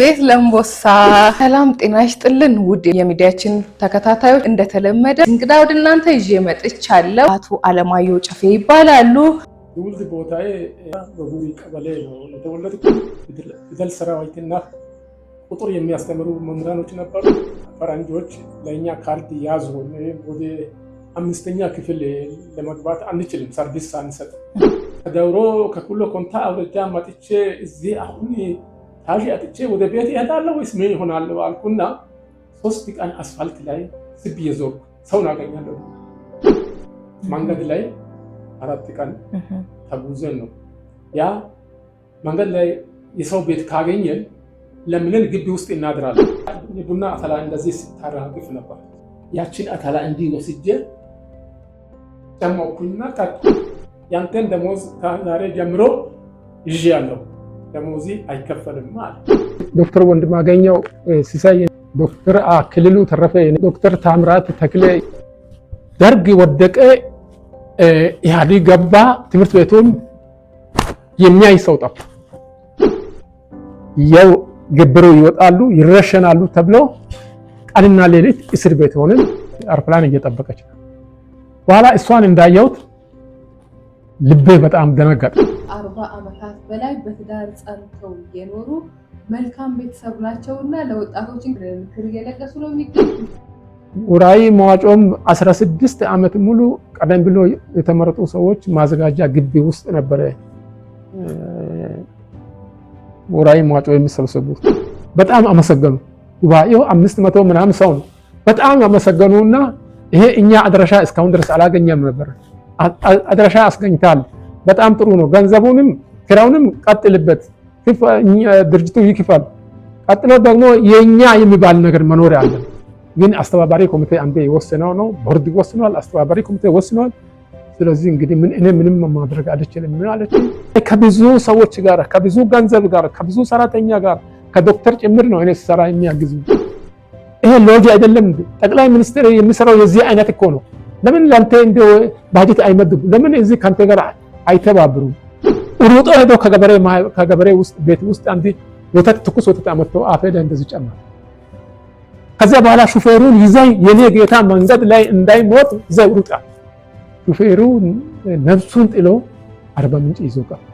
ቤት ለምቦሳ ሰላም ጤና ይስጥልን። ውድ የሚዲያችን ተከታታዮች እንደተለመደ እንግዳ ወደ እናንተ ይዤ መጥቻለሁ። አቶ አለማየሁ ጨፌ ይባላሉ። ትውልድ ቦታዬ በቡሪ ቀበሌ ነው የተወለድኩት። ፊደል ሰራዊትና ቁጥር የሚያስተምሩ መምህራኖች ነበሩ። ፈረንጆች ለእኛ ካርድ ያዙ። ወደ አምስተኛ ክፍል ለመግባት አንችልም ሰርቪስ ሳንሰጥ ከደውሮ ከኩሎ ኮንታ አውርጃ መጥቼ እዚህ አሁን ታሽ አጥቼ ወደ ቤት እሄዳለሁ ወይስ ምን ይሆናል አልኩና ሶስት ቀን አስፋልት ላይ ስብ እየዞርኩ ሰውን አገኛለሁ። መንገድ ላይ አራት ቀን ተጉዘን ነው ያ መንገድ ላይ የሰው ቤት ካገኘን ለምንን ግቢ ውስጥ እናድራለን። ቡና አተላ እንደዚህ ስታራግፍ ነበር። ያችን አተላ እንዲህ ወስጄ ደሞኩና ያንተን ደሞዝ ከዛሬ ጀምሮ ይዤ ያለው ደሞዜ አይከፈልም አለ። ዶክተር ወንድማገኘው ሲሳይ፣ ዶክተር አክልሉ ተረፈ፣ ዶክተር ታምራት ተክሌ። ደርግ ወደቀ፣ ኢህአዴግ ገባ፣ ትምህርት ቤቱን የሚያይ ሰው ጠፋ። ያው ገብረው ይወጣሉ ይረሸናሉ ተብሎ ቀንና ሌሊት እስር ቤት ሆንን። አውሮፕላን እየጠበቀች ነው። በኋላ እሷን እንዳየሁት ልቤ በጣም ደነገጠ። አርባ ዓመታት በላይ በትዳር ጸንተው የኖሩ መልካም ቤተሰብ ናቸውና ለወጣቶች ምክር እየለገሱ ነው የሚገኙ። ወርሃዊ መዋጮም 16 ዓመት ሙሉ ቀደም ብሎ የተመረጡ ሰዎች ማዘጋጃ ግቢ ውስጥ ነበረ ወርሃዊ መዋጮ የሚሰበሰቡት። በጣም አመሰገኑ። ጉባኤው አምስት መቶ ምናምን ሰው ነው። በጣም አመሰገኑና ይሄ እኛ አድረሻ እስካሁን ድረስ አላገኘም ነበር። አድራሻ አስገኝታል። በጣም ጥሩ ነው። ገንዘቡንም ክራውንም ቀጥልበት፣ ድርጅቱ ይክፈል። ቀጥሎ ደግሞ የኛ የሚባል ነገር መኖር አለ። ግን አስተባባሪ ኮሚቴ አንዴ የወሰነው ነው። ቦርድ ወስኗል፣ አስተባባሪ ኮሚቴ ወስኗል። ስለዚህ እንግዲህ ምን እኔ ምንም ማድረግ አልችልም። ምን አለች? ከብዙ ሰዎች ጋር ከብዙ ገንዘብ ጋር ከብዙ ሰራተኛ ጋር ከዶክተር ጭምር ነው እኔ ሰራ የሚያግዝ ይሄ ሎጂ አይደለም። ጠቅላይ ሚኒስትር የሚሰራው የዚህ አይነት እኮ ነው። ለምን ለአንተ እንደ ባጀት አይመድቡም? ለምን እዚህ ከአንተ ጋር አይተባብሩም? ሩጦ ሄዶ ከገበሬ ቤት ውስጥ አንድ ወተት ትኩስ ወተት አመጥቶ አፌ ላይ እንደዚህ ጨመረ። ከዚያ በኋላ ሹፌሩን ይዘይ የኔ ጌታ መንገድ ላይ እንዳይሞት ይዘይ ሩጣ። ሹፌሩ ነፍሱን ጥሎ አርባ ምንጭ ይዞ